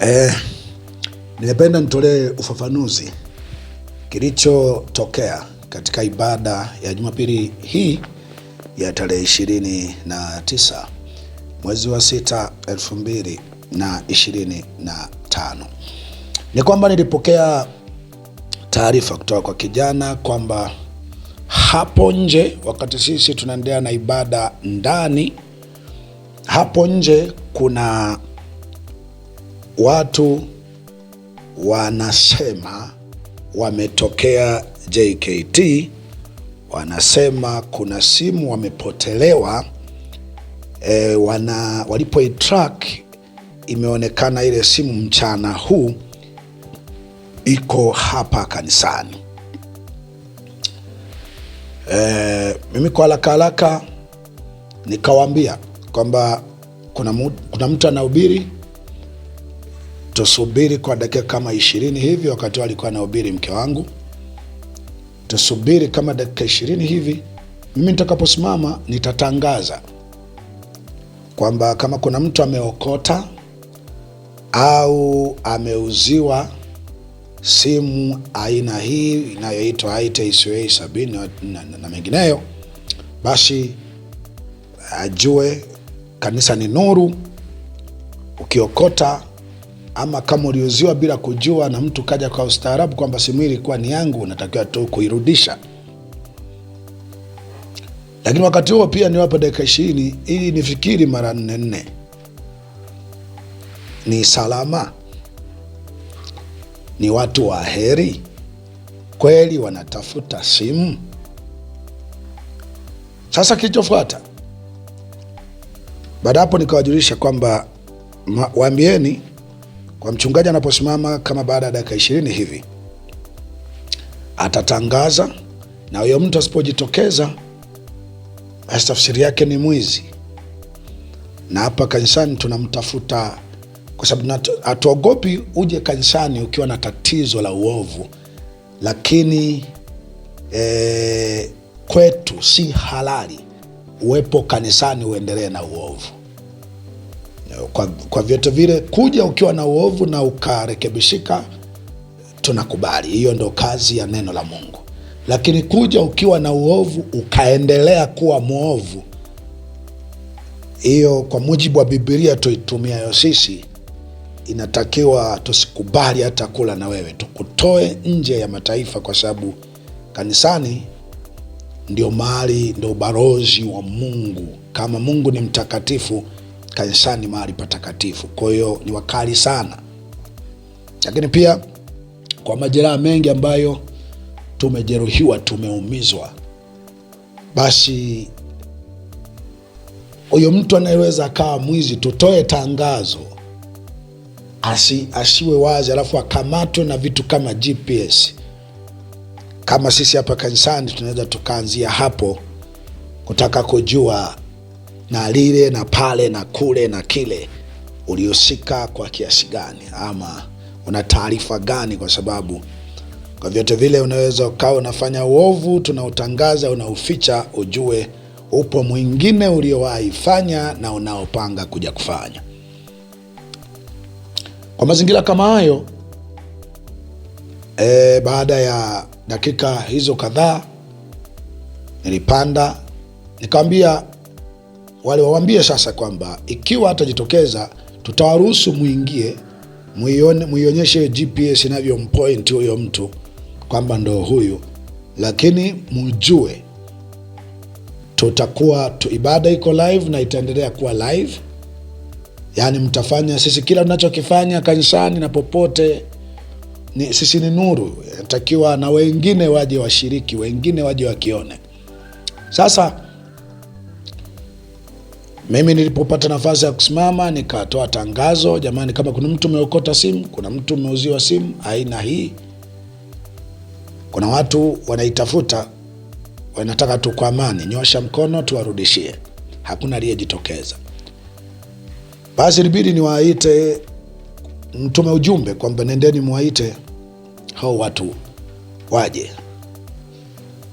Eh, nimependa nitolee ufafanuzi kilichotokea katika ibada ya Jumapili hii ya tarehe ishirini na tisa mwezi wa sita elfu mbili na ishirini na tano ni kwamba nilipokea taarifa kutoka kwa kijana kwamba hapo nje, wakati sisi tunaendelea na ibada ndani, hapo nje kuna watu wanasema wametokea JKT, wanasema kuna simu wamepotelewa e, wana walipoitrack imeonekana ile simu mchana huu iko hapa kanisani. E, mimi kwa haraka haraka nikawaambia kwamba kuna, kuna mtu anahubiri tusubiri kwa dakika kama ishirini hivi, wakati alikuwa anahubiri mke wangu, tusubiri kama dakika ishirini hivi. Mimi nitakaposimama nitatangaza kwamba kama kuna mtu ameokota au ameuziwa simu aina hii inayoitwa aite CA sabini na, na, na mengineyo, basi ajue kanisa ni nuru. Ukiokota ama kama uliuziwa bila kujua na mtu kaja kwa ustaarabu kwamba simu hii ilikuwa ni yangu, unatakiwa tu kuirudisha. Lakini wakati huo pia niwape dakika ishirini ili nifikiri mara nne nne, ni salama, ni watu wa heri kweli, wanatafuta simu. Sasa kilichofuata baada hapo, nikawajulisha kwamba waambieni kwa mchungaji anaposimama kama baada ya dakika ishirini hivi atatangaza, na huyo mtu asipojitokeza, basi tafsiri yake ni mwizi. Na hapa kanisani tunamtafuta kwa sababu hatuogopi uje kanisani ukiwa na tatizo la uovu, lakini e, kwetu si halali uwepo kanisani uendelee na uovu. Kwa, kwa vyote vile kuja ukiwa na uovu na ukarekebishika, tunakubali hiyo, ndo kazi ya neno la Mungu. Lakini kuja ukiwa na uovu ukaendelea kuwa mwovu, hiyo kwa mujibu wa Biblia tuitumiayo sisi, inatakiwa tusikubali hata kula na wewe, tukutoe nje ya mataifa, kwa sababu kanisani ndio mahali, ndio ubalozi wa Mungu. Kama Mungu ni mtakatifu Kanisani mahali patakatifu. Kwa hiyo ni wakali sana, lakini pia kwa majeraha mengi ambayo tumejeruhiwa, tumeumizwa, basi huyo mtu anayeweza akawa mwizi, tutoe tangazo asi, asiwe wazi alafu akamatwe na vitu kama GPS. Kama sisi hapa kanisani tunaweza tukaanzia hapo kutaka kujua na lile na pale na kule na kile, ulihusika kwa kiasi gani ama una taarifa gani? Kwa sababu kwa vyote vile unaweza ukawa unafanya uovu, tunautangaza, unauficha, ujue upo mwingine uliowahi fanya na unaopanga kuja kufanya. Kwa mazingira kama hayo e, baada ya dakika hizo kadhaa nilipanda nikamwambia waliwaambie sasa kwamba ikiwa atajitokeza tutawaruhusu muingie, muionyeshe GPS inavyompoint huyo mtu kwamba ndo huyu, lakini mujue tutakuwa tu, ibada iko live na itaendelea kuwa live. Yani mtafanya sisi, kila tunachokifanya kanisani na popote ni, sisi ni nuru, natakiwa na wengine waje washiriki, wengine waje wakione sasa mimi nilipopata nafasi ya kusimama nikatoa tangazo, jamani, kama kuna mtu umeokota simu, kuna mtu umeuziwa simu aina hii, kuna watu wanaitafuta, wanataka tu kwa amani, nyosha mkono tuwarudishie. Hakuna aliyejitokeza. Basi ilibidi niwaite, mtume ujumbe kwamba nendeni mwaite hao watu waje,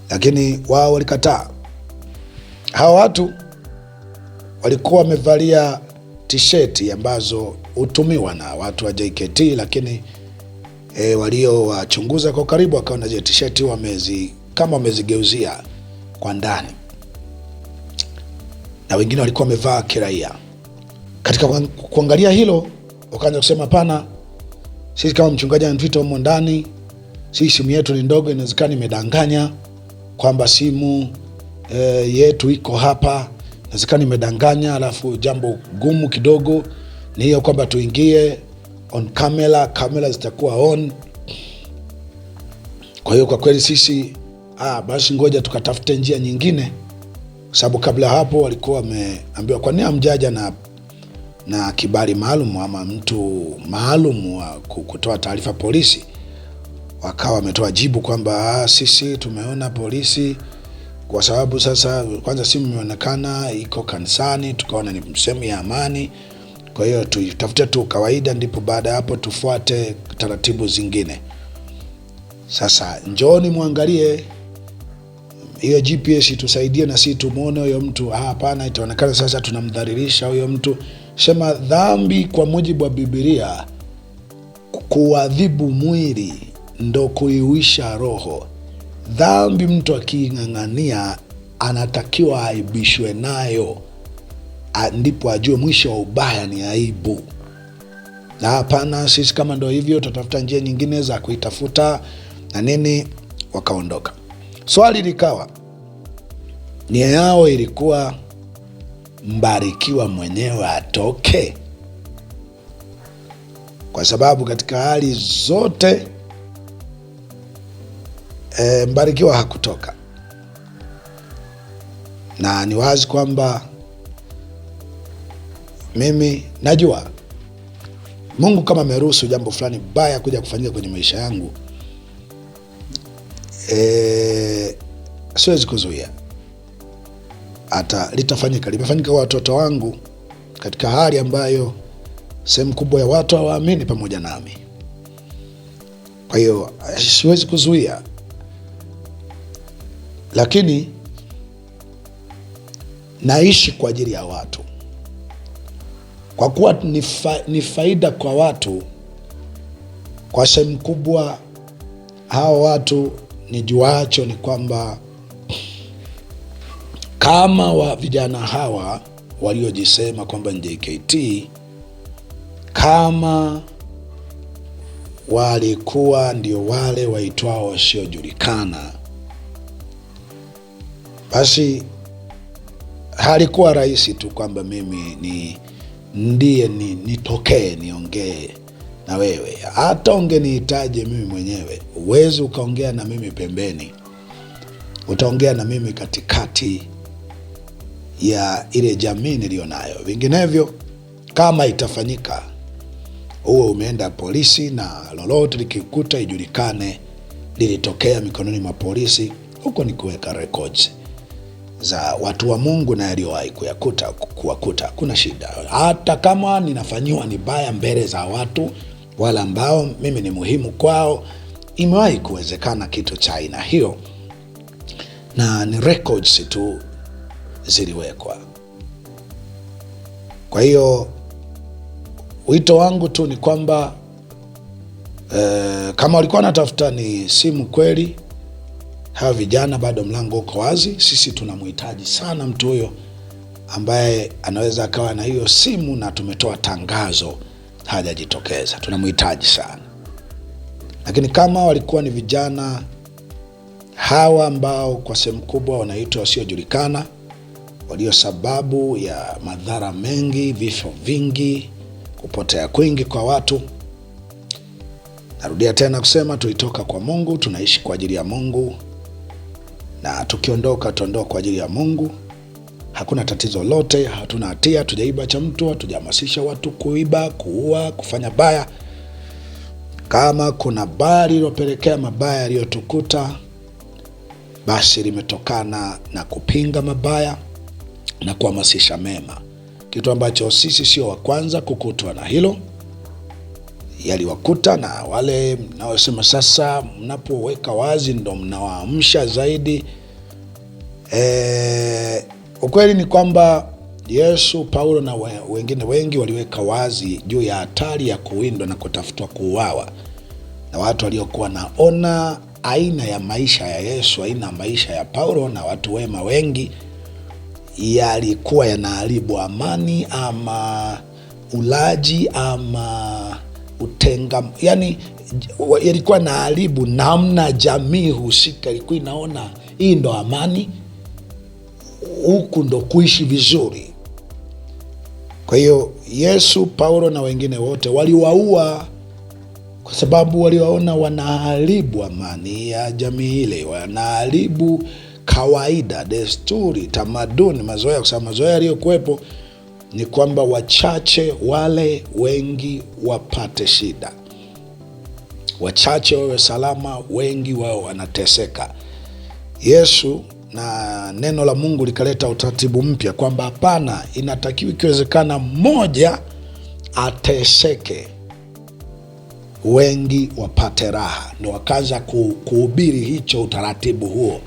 lakini wao walikataa. Hao watu walikuwa wamevalia tisheti ambazo hutumiwa na watu wa JKT, lakini e, waliowachunguza kwa karibu wakaona je, tisheti wamezi kama wamezigeuzia kwa ndani, na wengine walikuwa wamevaa kiraia. Katika kuangalia hilo, wakaanza kusema hapana, sisi kama mchungaji anatuita humo ndani, sisi simu yetu ni ndogo, inawezekana imedanganya kwamba simu e, yetu iko hapa Inawezekana nimedanganya, alafu jambo gumu kidogo ni hiyo kwamba tuingie on camera, kamera zitakuwa on. Kwa hiyo kwa kweli sisi ah, basi ngoja tukatafute njia nyingine, kwa sababu kabla hapo walikuwa wameambiwa, kwa nini amjaja na na kibali maalum ama mtu maalum wa kutoa taarifa polisi? Wakawa wametoa jibu kwamba ah, sisi tumeona polisi kwa sababu sasa kwanza simu imeonekana iko kanisani, tukaona ni msemo ya amani. Kwa hiyo tuitafute tu kawaida, ndipo baada ya hapo tufuate taratibu zingine. Sasa njooni mwangalie hiyo GPS itusaidie na sisi tumwone huyo mtu. Ah, hapana, itaonekana sasa tunamdhalilisha huyo mtu. Sema dhambi kwa mujibu wa Biblia, kuadhibu mwili ndo kuiwisha roho. Dhambi mtu akiing'ang'ania anatakiwa aaibishwe nayo, ndipo ajue mwisho wa ubaya ni aibu. Na hapana, sisi kama ndo hivyo tutatafuta njia nyingine za kuitafuta na nini. Wakaondoka. Swali likawa nia yao ilikuwa Mbarikiwa mwenyewe atoke, kwa sababu katika hali zote e, Mbarikiwa hakutoka na ni wazi kwamba mimi najua Mungu kama ameruhusu jambo fulani baya kuja kufanyika kwenye maisha yangu, e, siwezi kuzuia, hata litafanyika. Limefanyika kwa watoto wangu katika hali ambayo sehemu kubwa ya watu hawaamini pamoja nami, kwa hiyo siwezi kuzuia lakini naishi kwa ajili ya watu, kwa kuwa ni nifa, faida kwa watu. Kwa sehemu kubwa hawa watu ni juacho ni kwamba kama wa vijana hawa waliojisema kwamba ni JKT kama walikuwa ndio wale waitwao wasiojulikana basi halikuwa rahisi tu kwamba mimi ni ndiye nitokee ni niongee na wewe. Hata ungenihitaji mimi mwenyewe, uwezi ukaongea na mimi pembeni, utaongea na mimi katikati ya ile jamii niliyo nayo. Vinginevyo, kama itafanyika, huwe umeenda polisi, na lolote likikuta, ijulikane lilitokea mikononi mwa polisi. Huko ni kuweka rekodi za watu wa Mungu na yaliyowahi kuyakuta kuwakuta, kuna shida, hata kama ninafanyiwa baya mbele za watu wala ambao mimi ni muhimu kwao. Imewahi kuwezekana kitu cha aina hiyo, na ni records tu ziliwekwa. Kwa hiyo wito wangu tu ni kwamba eh, kama walikuwa wanatafuta ni simu kweli hawa vijana bado mlango uko wazi. Sisi tunamhitaji sana mtu huyo ambaye anaweza akawa na hiyo simu, na tumetoa tangazo, hajajitokeza. Tunamhitaji sana, lakini kama walikuwa ni vijana hawa ambao kwa sehemu kubwa wanaitwa wasiojulikana, walio sababu ya madhara mengi, vifo vingi, kupotea kwingi kwa watu. Narudia tena kusema tulitoka kwa Mungu, tunaishi kwa ajili ya Mungu na tukiondoka tuondoka kwa ajili ya Mungu. Hakuna tatizo lote, hatuna hatia, tujaiba cha mtu, hatujahamasisha watu kuiba, kuua, kufanya baya. Kama kuna baya lililopelekea mabaya yaliyotukuta, basi limetokana na kupinga mabaya na kuhamasisha mema, kitu ambacho sisi sio wa kwanza kukutwa na hilo yaliwakuta na wale mnaosema sasa, mnapoweka wazi ndo mnawaamsha zaidi. E, ukweli ni kwamba Yesu, Paulo na wengine wengi waliweka wazi juu ya hatari ya kuwindwa na kutafutwa kuuawa na watu waliokuwa naona aina ya maisha ya Yesu, aina ya maisha ya Paulo na watu wema wengi, yalikuwa yanaharibu amani ama ulaji ama utenga, yani ilikuwa na haribu namna jamii husika ilikuwa inaona hii ndo amani, huku ndo kuishi vizuri. Kwa hiyo Yesu, Paulo na wengine wote waliwaua kwa sababu waliwaona wanaharibu amani ya jamii ile, wanaharibu kawaida, desturi, tamaduni, mazoea, kwa sababu mazoea yaliyokuwepo ni kwamba wachache wale wengi wapate shida, wachache wawe salama, wengi wao wanateseka. Yesu na neno la Mungu likaleta utaratibu mpya kwamba hapana, inatakiwa ikiwezekana mmoja ateseke wengi wapate raha. Ndo wakaanza kuhubiri hicho utaratibu huo.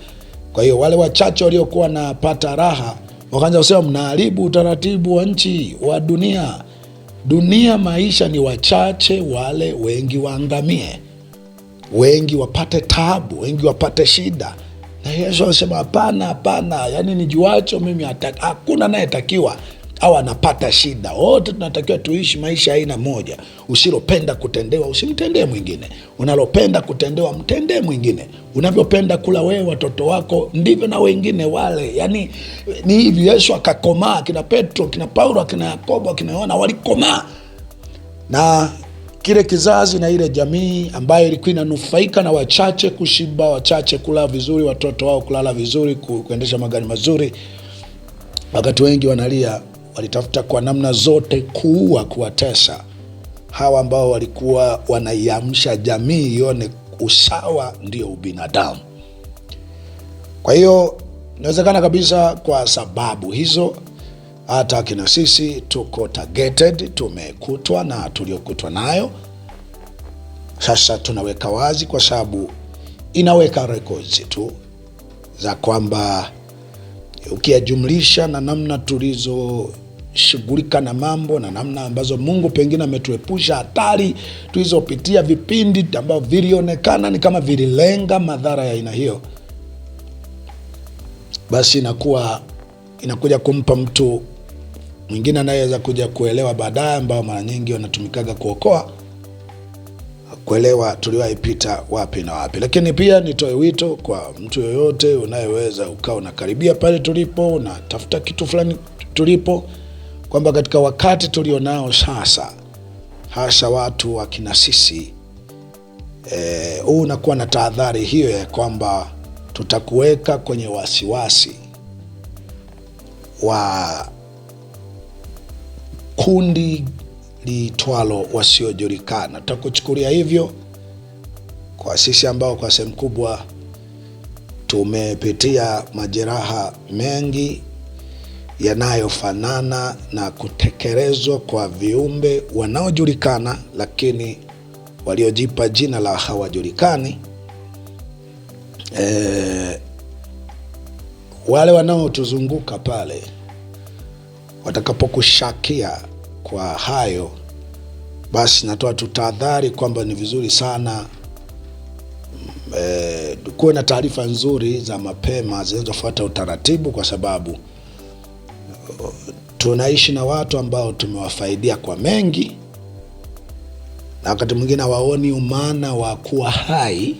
Kwa hiyo wale wachache waliokuwa wanapata raha wakaanza kusema mnaharibu utaratibu wa nchi wa dunia. Dunia maisha ni wachache, wale wengi waangamie, wengi wapate tabu, wengi wapate shida. Na Yesu anasema hapana, hapana, ni yaani nijuacho mimi, hakuna anayetakiwa au anapata shida. Wote tunatakiwa tuishi maisha aina moja. Usilopenda kutendewa usimtendee mwingine, unalopenda kutendewa mtendee mwingine. Unavyopenda kula wewe, watoto wako ndivyo na wengine wale. Yani ni hivi. Yesu akakomaa, kina Petro, kina Paulo, akina Yakobo, akina Yohana walikomaa na kile kizazi na ile jamii ambayo ilikuwa inanufaika na wachache kushiba, wachache kula vizuri, watoto wao kulala vizuri, kuendesha magari mazuri, wakati wengi wanalia walitafuta kwa namna zote kuua, kuwatesa hawa ambao walikuwa wanaiamsha jamii ione usawa ndio ubinadamu. Kwa hiyo inawezekana kabisa kwa sababu hizo hata akina sisi tuko targeted, tumekutwa na tuliokutwa nayo. Sasa tunaweka wazi, kwa sababu inaweka records tu za kwamba ukiyajumlisha na namna tulizo shughulika na mambo na namna ambazo Mungu pengine ametuepusha hatari tulizopitia, vipindi ambavyo vilionekana ni kama vililenga madhara ya aina hiyo, basi inakuwa inakuja kumpa mtu mwingine anayeweza kuja kuelewa baadaye, ambao mara nyingi wanatumikaga kuokoa kuelewa tuliwaipita wapi na wapi. Lakini pia nitoe wito kwa mtu yoyote unayeweza ukawa unakaribia pale tulipo, unatafuta kitu fulani tulipo kwamba katika wakati tulionao sasa, hasa watu wa kina sisi e, huu e, unakuwa na tahadhari hiyo ya kwamba tutakuweka kwenye wasiwasi wa kundi liitwalo wasiojulikana. Tutakuchukulia hivyo kwa sisi ambao kwa sehemu kubwa tumepitia majeraha mengi yanayofanana na kutekelezwa kwa viumbe wanaojulikana lakini waliojipa jina la hawajulikani. E, wale wanaotuzunguka pale watakapokushakia kwa hayo, basi natoa tu tahadhari kwamba ni vizuri sana e, kuwe na taarifa nzuri za mapema zinazofuata utaratibu kwa sababu tunaishi na watu ambao tumewafaidia kwa mengi, na wakati mwingine hawaoni umaana wa kuwa hai,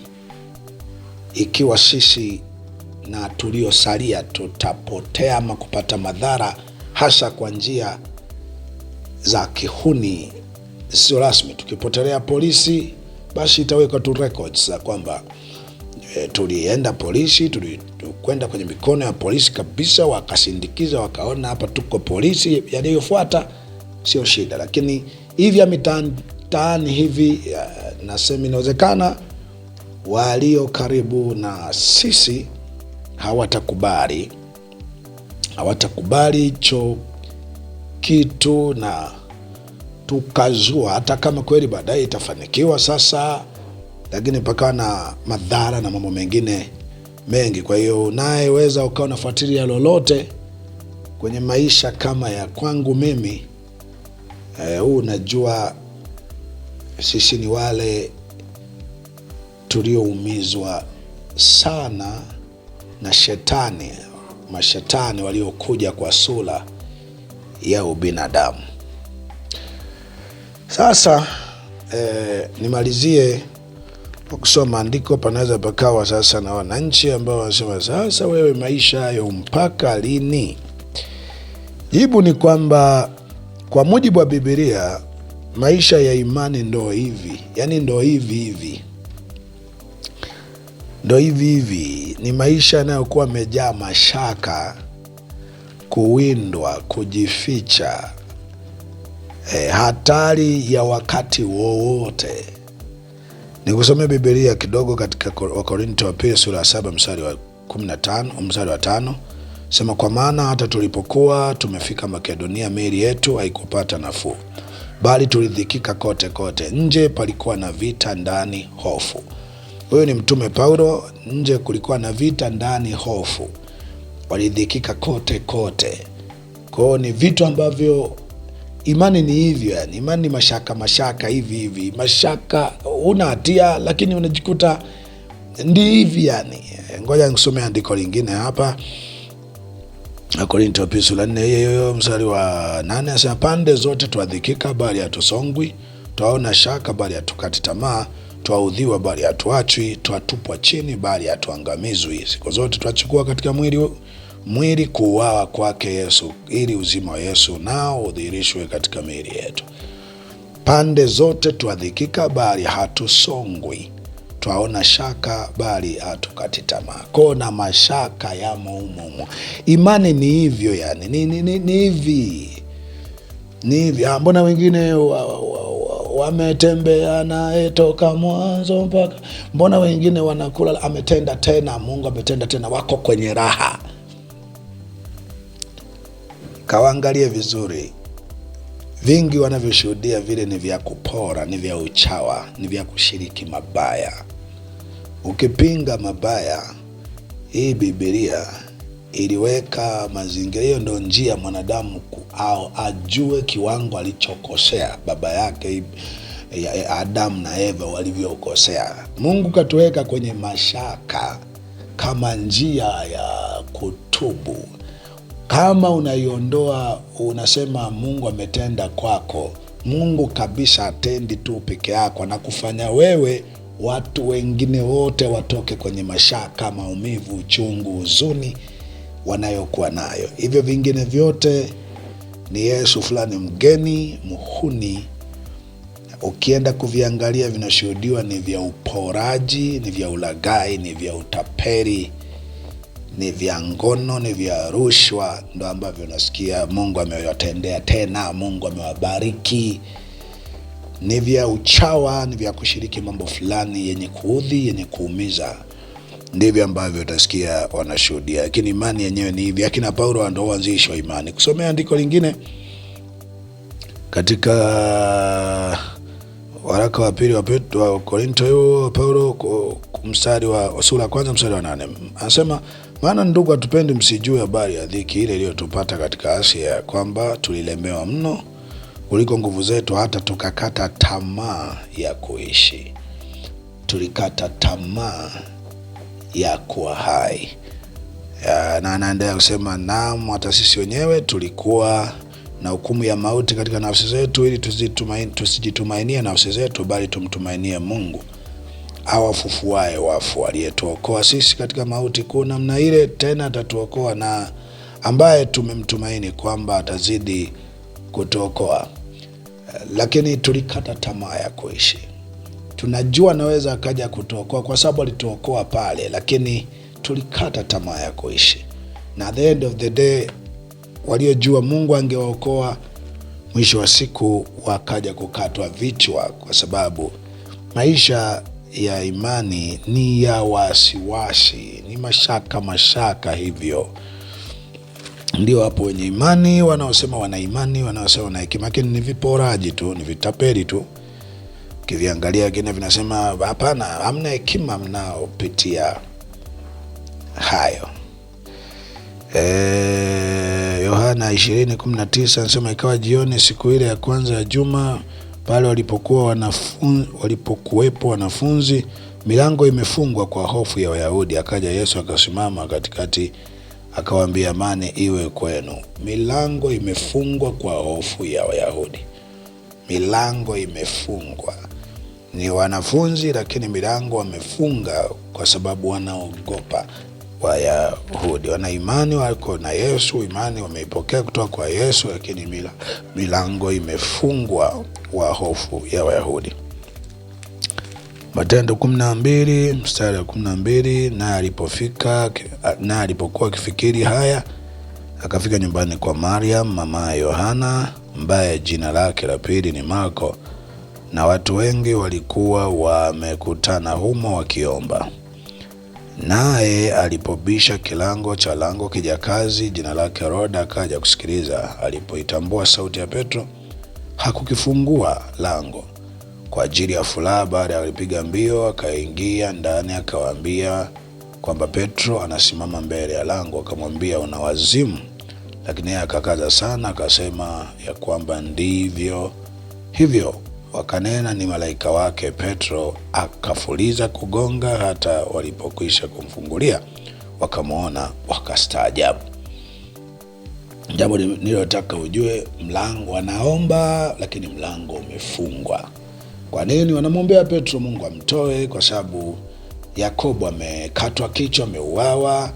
ikiwa sisi na tuliosalia tutapotea ama kupata madhara, hasa kwa njia za kihuni zisizo rasmi. Tukipotelea polisi, basi itawekwa tu records za kwamba E, tulienda polisi, tulikwenda kwenye mikono ya polisi kabisa, wakasindikiza, wakaona hapa tuko polisi, yaliyofuata sio shida, lakini hivi mitaani hivi nasema inawezekana walio karibu na sisi hawatakubali, hawatakubali hicho kitu, na tukazua hata kama kweli baadaye itafanikiwa sasa lakini pakawa na madhara na mambo mengine mengi. Kwa hiyo unayeweza ukawa unafuatilia lolote kwenye maisha kama ya kwangu mimi eh, huu, uh, najua sisi ni wale tulioumizwa sana na shetani, mashetani waliokuja kwa sura ya ubinadamu. Sasa eh, nimalizie kusoma maandiko panaweza pakawa sasa na wananchi ambao wanasema sasa, wewe maisha hayo mpaka lini? Jibu ni kwamba kwa mujibu wa Bibilia, maisha ya imani ndo hivi, yani ndo hivi hivi, ndo hivi hivi. Ni maisha yanayokuwa amejaa mashaka, kuwindwa, kujificha, e, hatari ya wakati wowote Nikusomea Biblia kidogo katika Wakorinto wa pili sura ya saba mstari wa 15, mstari wa tano sema, kwa maana hata tulipokuwa tumefika Makedonia, meli yetu haikupata nafuu, bali tulidhikika kote kote. Nje palikuwa na vita, ndani hofu. Huyu ni Mtume Paulo. Nje kulikuwa na vita, ndani hofu, walidhikika kote kote. Kwao ni vitu ambavyo Imani ni hivyo yani, imani ni mashaka mashaka hivi hivi, mashaka una hatia, lakini unajikuta ndi hivi yani. Ngoja nikusomea andiko lingine hapa, Korinto pisu nne hiyo mstari wa nane asema, pande zote twadhikika, bali hatusongwi, twaona shaka, bali hatukati tamaa, twaudhiwa, bali hatuachwi, twatupwa chini, bali hatuangamizwi, siku zote twachukua katika mwili mwili kuuawa kwake Yesu ili uzima wa Yesu nao udhihirishwe katika miili yetu. Pande zote twadhikika, bali hatusongwi, twaona shaka, bali hatukati tamaa. Ko na mashaka ya muumumu. Imani ni hivyo, yani ni, ni, ni, ni hivi ni hivi. Ah, mbona wengine wa, wa, wa, wa naye toka mwanzo mpaka, mbona wengine wanakula, ametenda tena Mungu ametenda tena, wako kwenye raha kawaangalie vizuri. Vingi wanavyoshuhudia vile ni vya kupora, ni vya uchawa, ni vya kushiriki mabaya. Ukipinga mabaya, hii Biblia iliweka mazingira. Hiyo ndio njia mwanadamu au ajue kiwango alichokosea baba yake Adamu na Eva walivyokosea. Mungu katuweka kwenye mashaka kama njia ya kutubu kama unaiondoa unasema Mungu ametenda kwako, Mungu kabisa atendi tu peke yako, anakufanya wewe, watu wengine wote watoke kwenye mashaka, maumivu, uchungu, huzuni wanayokuwa nayo. Hivyo vingine vyote ni Yesu fulani mgeni mhuni ukienda kuviangalia vinashuhudiwa ni vya uporaji, ni vya ulagai ni vya utaperi, ni vya ngono, ni vya rushwa, ndo ambavyo unasikia Mungu amewatendea tena, Mungu amewabariki. Ni vya uchawa, ni vya kushiriki mambo fulani yenye kuudhi, yenye kuumiza, ndivyo ambavyo utasikia wanashuhudia. Lakini imani yenyewe ni hivi, akina Paulo ndo uanzishwa imani. Kusomea andiko lingine katika waraka wa pili wa Korinto, huo Paulo mstari wa sura ya kwanza mstari wa nane anasema maana ndugu, hatupendi msijue habari ya dhiki ile iliyotupata katika Asia, ya kwamba tulilemewa mno kuliko nguvu zetu, hata tukakata tamaa ya kuishi, tulikata tamaa ya kuwa hai. Ya, na anaendelea kusema naam, hata sisi wenyewe tulikuwa na hukumu ya mauti katika nafsi zetu, ili tusijitumainie nafsi zetu, bali tumtumainie Mungu awafufuaye wafu, aliyetuokoa sisi katika mauti kuu namna ile, tena atatuokoa na ambaye tumemtumaini kwamba atazidi kutuokoa. Lakini tulikata tamaa ya kuishi. Tunajua anaweza akaja kutuokoa kwa sababu alituokoa pale, lakini tulikata tamaa ya kuishi, na the end of the day waliojua Mungu angewaokoa mwisho wa siku wakaja kukatwa vichwa, kwa sababu maisha ya imani ni ya wasiwasi, ni mashaka mashaka hivyo ndio hapo wenye imani wanaosema wana imani, wanaosema wana hekima, lakini ni viporaji tu, ni vitapeli tu. Kiviangalia wengine vinasema hapana, hamna hekima mnaopitia hayo. Eh, Yohana e, ishirini anasema ikawa jioni siku ile ya kwanza ya juma pale walipokuwa wanafunzi, walipokuwepo wanafunzi, milango imefungwa kwa hofu ya Wayahudi. Akaja Yesu akasimama katikati akawaambia, amani iwe kwenu. Milango imefungwa kwa hofu ya Wayahudi, milango imefungwa. Ni wanafunzi lakini milango wamefunga kwa sababu wanaogopa. Wayahudi wana imani, wako na Yesu, imani wameipokea kutoka kwa Yesu, lakini mila, milango imefungwa wa hofu ya Wayahudi. Matendo kumi na mbili mstari wa kumi na mbili alipofika naye alipokuwa akifikiri haya akafika nyumbani kwa Mariam mama ya Yohana ambaye jina lake la pili ni Marko, na watu wengi walikuwa wamekutana humo wakiomba. Naye alipobisha kilango cha lango kijakazi jina lake Roda akaja kusikiliza. Alipoitambua sauti ya Petro hakukifungua lango kwa ajili ya furaha. Baada ya alipiga mbio, akaingia ndani, akawaambia kwamba Petro anasimama mbele ya lango, akamwambia una wazimu. Lakini yeye akakaza sana, akasema ya kwamba ndivyo hivyo wakanena ni malaika wake. Petro akafuliza kugonga, hata walipokwisha kumfungulia wakamwona, wakastaajabu. Jambo nililotaka ujue, mlango wanaomba, lakini mlango umefungwa. Kwa nini wanamwombea Petro Mungu amtoe? Kwa sababu Yakobo amekatwa kichwa, ameuawa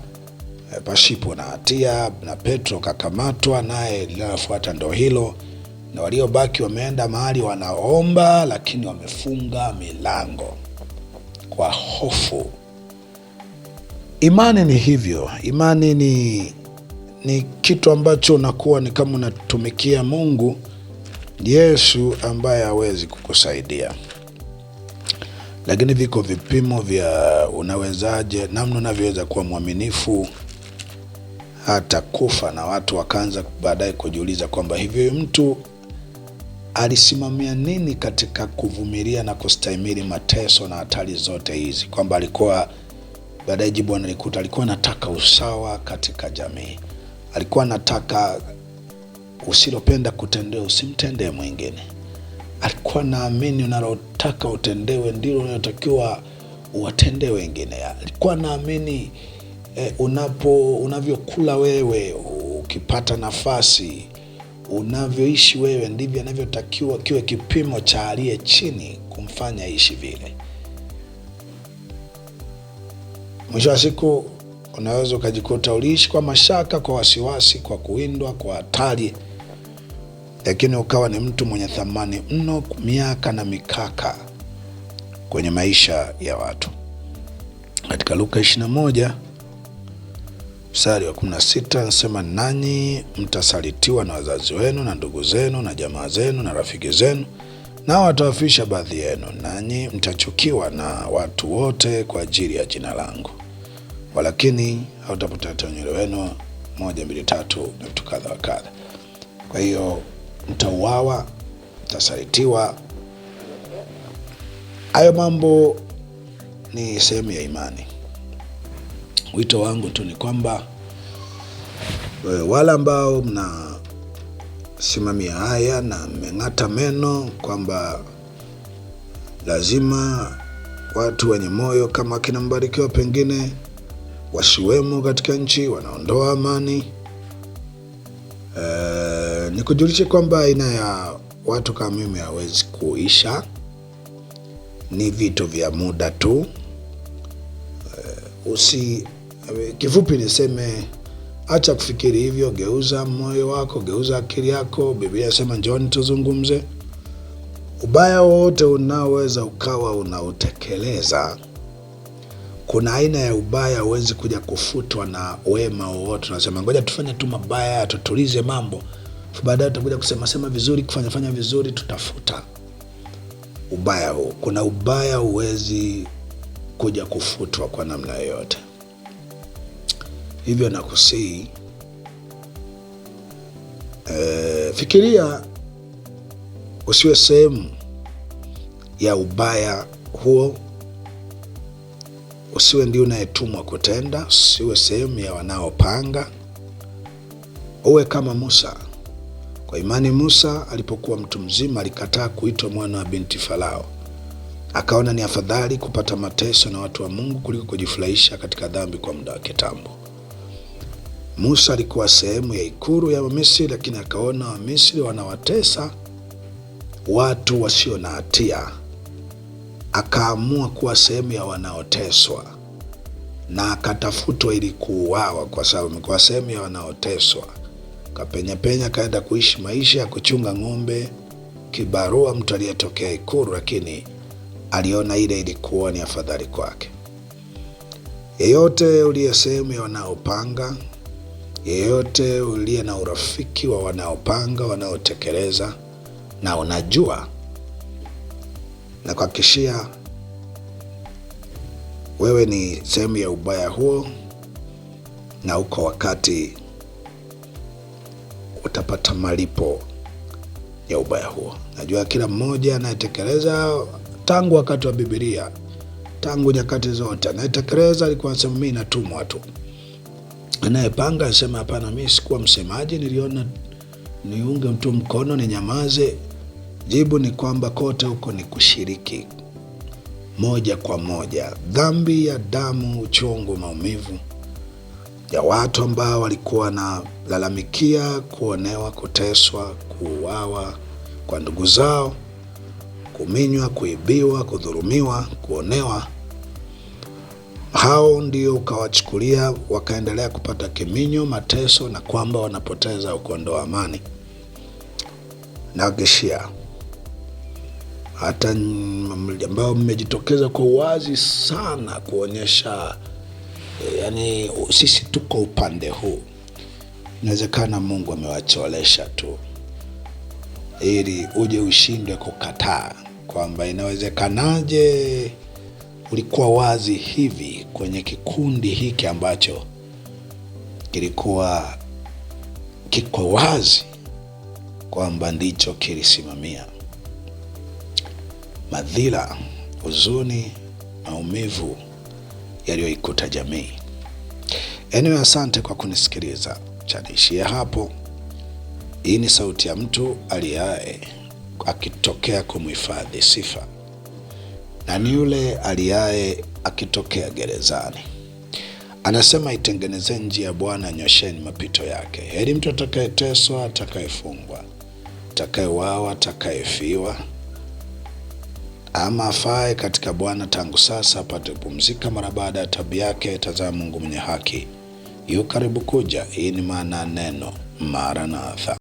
eh, pashipo na hatia, na Petro kakamatwa, naye linalofuata ndo hilo na waliobaki wameenda mahali wanaomba, lakini wamefunga milango kwa hofu. Imani ni hivyo. Imani ni, ni kitu ambacho unakuwa ni kama unatumikia Mungu Yesu ambaye hawezi kukusaidia, lakini viko vipimo vya unawezaje, namna unavyoweza kuwa mwaminifu hata kufa, na watu wakaanza baadaye kujiuliza kwamba hivyo mtu alisimamia nini katika kuvumilia na kustahimili mateso na hatari zote hizi, kwamba alikuwa baadaye jibu analikuta, alikuwa anataka usawa katika jamii, alikuwa anataka usilopenda kutendewa usimtendee mwingine. Alikuwa naamini unalotaka utendewe ndilo unayotakiwa uwatendee wengine. Alikuwa naamini eh, unapo unavyokula wewe ukipata nafasi unavyoishi wewe ndivyo anavyotakiwa kiwe kipimo cha aliye chini kumfanya ishi vile. Mwisho wa siku unaweza ukajikuta uliishi kwa mashaka, kwa wasiwasi, kwa kuwindwa, kwa hatari, lakini ukawa ni mtu mwenye thamani mno miaka na mikaka kwenye maisha ya watu. Katika Luka 21 Mstari wa 16 anasema, nanyi mtasalitiwa na wazazi wenu na ndugu zenu na jamaa zenu na rafiki zenu, nao watawafisha baadhi yenu, nanyi mtachukiwa na watu wote kwa ajili ya jina langu, walakini hautapoteza nywele wenu. Moja, mbili, tatu na vitu kadha wa kadha. Kwa hiyo mtauawa, mtasalitiwa. Hayo mambo ni sehemu ya imani. Wito wangu tu ni kwamba e, wale ambao mnasimamia haya na mmeng'ata meno kwamba lazima watu wenye moyo kama kina Mbarikiwa pengine wasiwemo katika nchi, wanaondoa amani. E, kujulisha kwamba aina ya watu kama mimi hawezi kuisha, ni vitu vya muda tu. E, usi Kifupi niseme acha kufikiri hivyo, geuza moyo wako, geuza akili yako. Biblia inasema njoni tuzungumze. Ubaya wowote unaoweza ukawa unautekeleza, kuna aina ya ubaya huwezi kuja kufutwa na wema wowote. Unasema ngoja tufanye tu mabaya, tutulize mambo, baadaye utakuja kusema sema vizuri, kufanyafanya vizuri, tutafuta ubaya huu Kuna ubaya huwezi kuja kufutwa kwa namna yoyote. Hivyo nakusii e, fikiria usiwe sehemu ya ubaya huo, usiwe ndio unayetumwa kutenda, usiwe sehemu ya wanaopanga, uwe kama Musa. Kwa imani Musa alipokuwa mtu mzima alikataa kuitwa mwana wa binti Farao, akaona ni afadhali kupata mateso na watu wa Mungu kuliko kujifurahisha katika dhambi kwa muda wa kitambo. Musa alikuwa sehemu ya ikulu ya Wamisri, lakini akaona Wamisri wanawatesa watu wasio na hatia, akaamua kuwa sehemu ya wanaoteswa na akatafutwa ili kuuawa, kwa sababu amekuwa sehemu ya wanaoteswa. Kapenyapenya akaenda kuishi maisha ya kuchunga ng'ombe kibarua, mtu aliyetokea ikulu, lakini aliona ile ilikuwa ni afadhali kwake. Yeyote uliye sehemu ya wanaopanga yeyote uliye na urafiki wa wanaopanga, wanaotekeleza na unajua, na kuhakikishia wewe ni sehemu ya ubaya huo, na uko wakati utapata malipo ya ubaya huo. Najua kila mmoja anayetekeleza tangu wakati wa Biblia, tangu nyakati zote anayetekeleza alikuwa anasema mimi natumwa tu anayepanga asema hapana, mi sikuwa msemaji, niliona niunge mtu mkono ninyamaze. Jibu ni kwamba kote huko ni kushiriki moja kwa moja dhambi ya damu, uchungu, maumivu ya watu ambao walikuwa wanalalamikia kuonewa, kuteswa, kuuawa kwa ndugu zao, kuminywa, kuibiwa, kudhulumiwa, kuonewa hao ndio ukawachukulia wakaendelea kupata kiminyo, mateso na kwamba wanapoteza ukondo wa amani na geshia hata ambayo mmejitokeza kwa wazi sana kuonyesha eh, yani, sisi tuko upande huu. Inawezekana Mungu amewacholesha tu ili uje ushindwe kukataa kwamba inawezekanaje ulikuwa wazi hivi kwenye kikundi hiki ambacho kilikuwa kiko wazi kwamba ndicho kilisimamia. Madhila, huzuni, maumivu yaliyoikuta jamii. Eneo, asante kwa kunisikiliza, chanaishia hapo. Hii ni sauti ya mtu aliyaye akitokea kumhifadhi sifa na ni yule aliaye akitokea gerezani, anasema itengeneze njia ya Bwana, nyosheni mapito yake. Heri mtu atakayeteswa, atakayefungwa, atakayewawa, atakayefiwa, ama afae katika Bwana, tangu sasa apate kupumzika mara baada ya tabu yake. Tazama, Mungu mwenye haki yu karibu kuja. Hii ni maana ya neno maranatha.